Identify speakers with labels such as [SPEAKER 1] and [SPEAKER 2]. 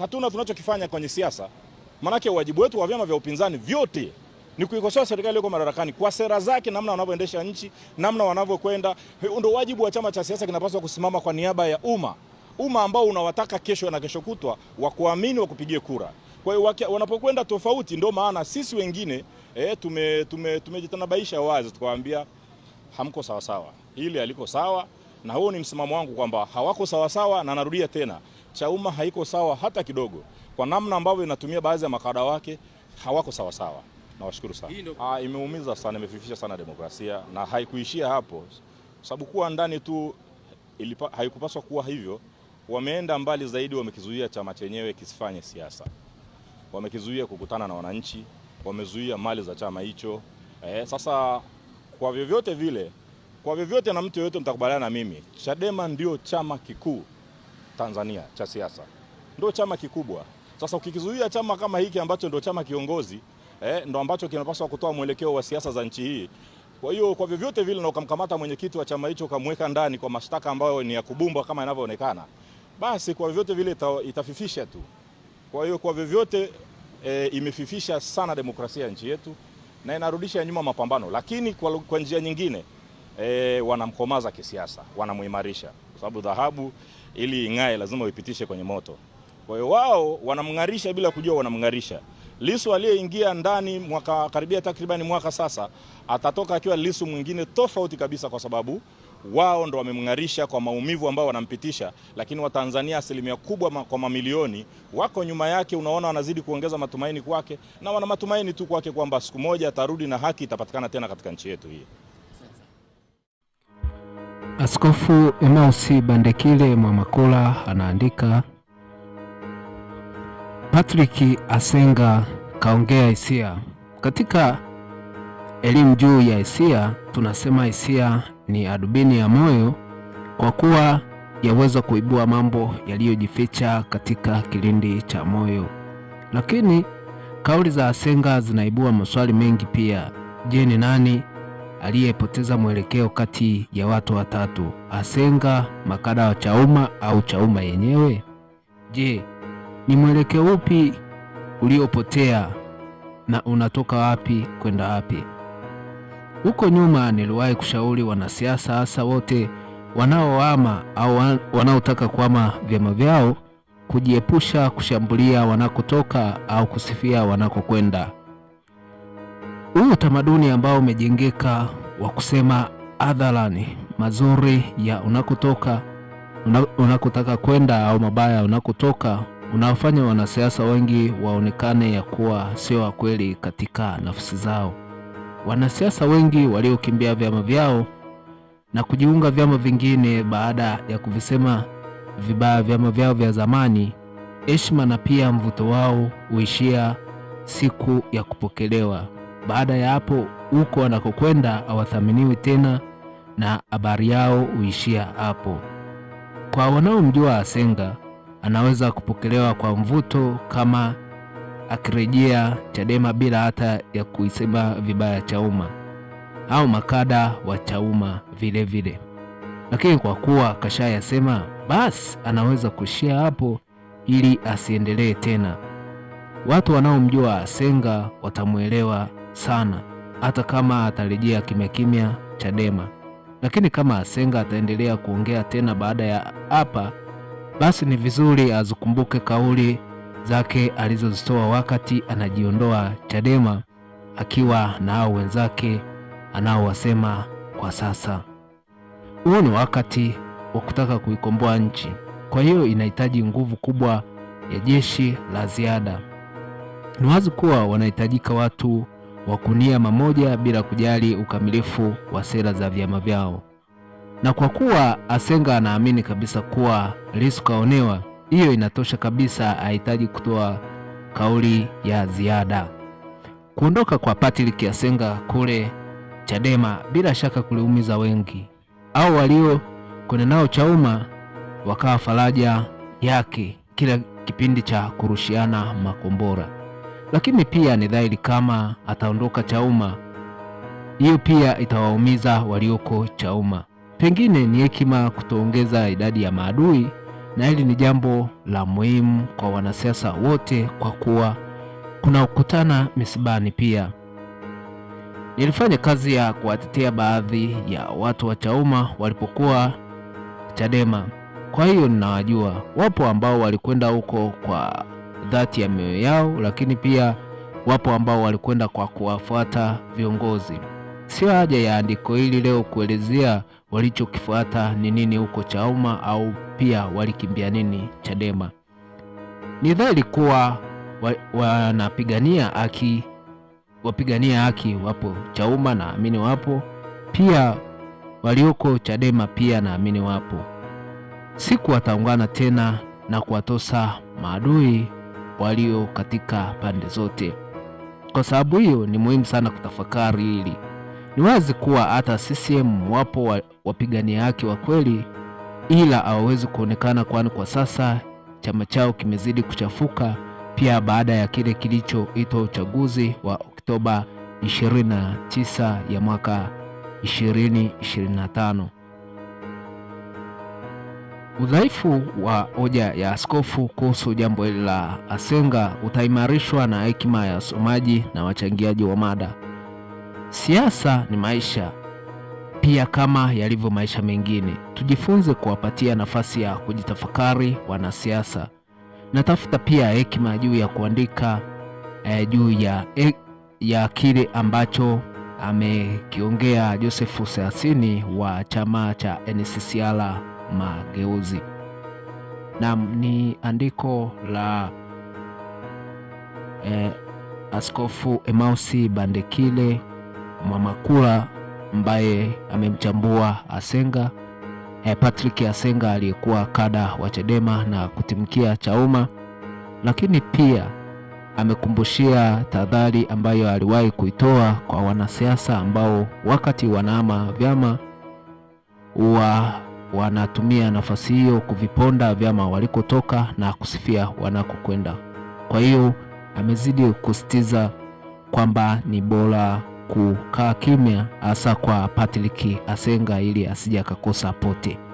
[SPEAKER 1] hatuna tunachokifanya kwenye siasa, maanake wajibu wetu wa vyama vya upinzani vyote ni kuikosoa serikali iliyoko madarakani kwa sera zake, namna wanavyoendesha nchi, namna wanavyokwenda. Ndio wajibu wa chama cha siasa, kinapaswa kusimama kwa niaba ya umma, umma ambao unawataka kesho na kesho kutwa wakuamini, wakupigie kura. Kwa hiyo wanapokwenda tofauti, ndio maana sisi wengine e, tume, tume, tumejitanabaisha wazi tukawaambia hamko sawasawa, ili aliko sawa, na huo ni msimamo wangu kwamba hawako sawasawa, na narudia tena cha umma haiko sawa hata kidogo, kwa namna ambavyo inatumia baadhi ya makada wake hawako sawa sawa. Nawashukuru sana.
[SPEAKER 2] Ah, imeumiza sana, imefifisha sana demokrasia na haikuishia hapo, sababu kuwa ndani tu ilipa, haikupaswa kuwa hivyo. Wameenda mbali zaidi, wamekizuia chama chenyewe kisifanye siasa, wamekizuia kukutana na wananchi, wamezuia mali za chama hicho. Eh, sasa kwa vyovyote vile, kwa vyovyote na mtu yoyote mtakubaliana na mimi, Chadema ndio chama kikuu Tanzania cha siasa, ndio chama kikubwa. Sasa ukikizuia chama kama hiki ambacho ndio chama kiongozi eh, ndio ambacho kinapaswa kutoa mwelekeo wa siasa za nchi hii. Kwa hiyo kwa vyovyote vile, na ukamkamata mwenyekiti wa chama hicho ukamweka ndani kwa mashtaka ambayo ni ya kubumba kama inavyoonekana, basi kwa vyovyote vile ita, itafifisha tu. Kwa hiyo kwa vyovyote e, imefifisha sana demokrasia ya nchi yetu na inarudisha nyuma mapambano, lakini kwa, kwa njia nyingine e, wanamkomaza kisiasa, wanamuimarisha sababu dhahabu ili ing'ae lazima uipitishe kwenye moto. Kwa hiyo wao wanamng'arisha bila kujua wanamng'arisha. Lisu aliyeingia ndani mwaka karibia takribani mwaka sasa, atatoka akiwa Lisu mwingine tofauti kabisa, kwa sababu wao ndo wamemng'arisha kwa maumivu ambayo wanampitisha, lakini Watanzania asilimia kubwa ma, kwa mamilioni wako nyuma yake. Unaona, wanazidi kuongeza matumaini kwake na wana matumaini tu kwake kwamba siku moja atarudi na haki itapatikana tena katika nchi yetu hii.
[SPEAKER 3] Askofu Emausi Bandekile Mwamakula anaandika, Patrick Asenga kaongea hisia. Katika elimu juu ya hisia, tunasema hisia ni adubini ya moyo kwa kuwa yaweza kuibua mambo yaliyojificha katika kilindi cha moyo. Lakini kauli za Asenga zinaibua maswali mengi pia. Je, ni nani aliyepoteza mwelekeo kati ya watu watatu: Asenga, makada wa Chauma au Chauma yenyewe? Je, ni mwelekeo upi uliopotea na unatoka wapi kwenda wapi? Huko nyuma niliwahi kushauri wanasiasa, hasa wote wanaohama au wanaotaka kuhama vyama vyao, kujiepusha kushambulia wanakotoka au kusifia wanakokwenda huu utamaduni ambao umejengeka wa kusema hadharani mazuri ya unakotoka, unakotaka kwenda au mabaya unakotoka, unawafanya wanasiasa wengi waonekane ya kuwa sio wa kweli katika nafsi zao. Wanasiasa wengi waliokimbia vyama vyao na kujiunga vyama vingine baada ya kuvisema vibaya vyama vyao vya zamani, heshima na pia mvuto wao huishia siku ya kupokelewa. Baada ya hapo, huko wanakokwenda hawathaminiwi tena na habari yao huishia hapo. Kwa wanaomjua Asenga, anaweza kupokelewa kwa mvuto kama akirejea Chadema bila hata ya kuisema vibaya Chauma au makada wa Chauma vile vile, lakini kwa kuwa kashayasema, basi anaweza kuishia hapo ili asiendelee tena. Watu wanaomjua Asenga watamwelewa sana, hata kama atarejea kimya kimya Chadema. Lakini kama Asenga ataendelea kuongea tena baada ya hapa, basi ni vizuri azikumbuke kauli zake alizozitoa wakati anajiondoa Chadema, akiwa na hao wenzake anaowasema kwa sasa. Huu ni wakati wa kutaka kuikomboa nchi, kwa hiyo inahitaji nguvu kubwa ya jeshi la ziada. Ni wazi kuwa wanahitajika watu wa kunia mamoja bila kujali ukamilifu wa sera za vyama vyao. Na kwa kuwa Asenga anaamini kabisa kuwa Lissu kaonewa, hiyo inatosha kabisa, hahitaji kutoa kauli ya ziada. Kuondoka kwa Patrick Asenga kule Chadema bila shaka kuliumiza wengi, au walio kwenye nao Chauma wakawa faraja yake kila kipindi cha kurushiana makombora lakini pia ni dhahiri kama ataondoka Chauma, hiyo pia itawaumiza walioko Chauma. Pengine ni hekima kutoongeza idadi ya maadui, na hili ni jambo la muhimu kwa wanasiasa wote, kwa kuwa kuna ukutana misibani. Pia nilifanya kazi ya kuwatetea baadhi ya watu wa Chauma walipokuwa Chadema, kwa hiyo ninawajua. Wapo ambao walikwenda huko kwa dhati ya mioyo yao, lakini pia wapo ambao walikwenda kwa kuwafuata viongozi. Sio haja ya andiko hili leo kuelezea walichokifuata ni nini huko Chauma au pia walikimbia nini Chadema. Ni dhahiri kuwa wanapigania haki, wapigania haki wapo Chauma naamini wapo pia, walioko Chadema pia naamini wapo. Siku wataungana tena na kuwatosa maadui walio katika pande zote. Kwa sababu hiyo, ni muhimu sana kutafakari hili. Ni wazi kuwa hata CCM wapo wa, wapigania haki wa kweli, ila hawawezi kuonekana, kwani kwa sasa chama chao kimezidi kuchafuka pia baada ya kile kilichoitwa uchaguzi wa Oktoba 29 ya mwaka 2025. Udhaifu wa hoja ya askofu kuhusu jambo hili la Asenga utaimarishwa na hekima ya wasomaji na wachangiaji wa mada. Siasa ni maisha pia, kama yalivyo maisha mengine. Tujifunze kuwapatia nafasi ya kujitafakari wanasiasa. Natafuta pia hekima juu ya kuandika eh, juu ya, eh, ya kile ambacho amekiongea Josefu Seasini wa chama cha NCCR mageuzi. Naam, ni andiko la eh, Askofu Emausi Bandekile Mwamakula ambaye amemchambua Asenga eh, Patrick Asenga aliyekuwa kada wa Chadema na kutimkia Chauma, lakini pia amekumbushia tahadhari ambayo aliwahi kuitoa kwa wanasiasa ambao wakati wanaama vyama huwa wanatumia nafasi hiyo kuviponda vyama walikotoka na kusifia wanakokwenda. Kwa hiyo amezidi kusitiza kwamba ni bora kukaa kimya, hasa kwa Patrick Asenga ili asije akakosa pote.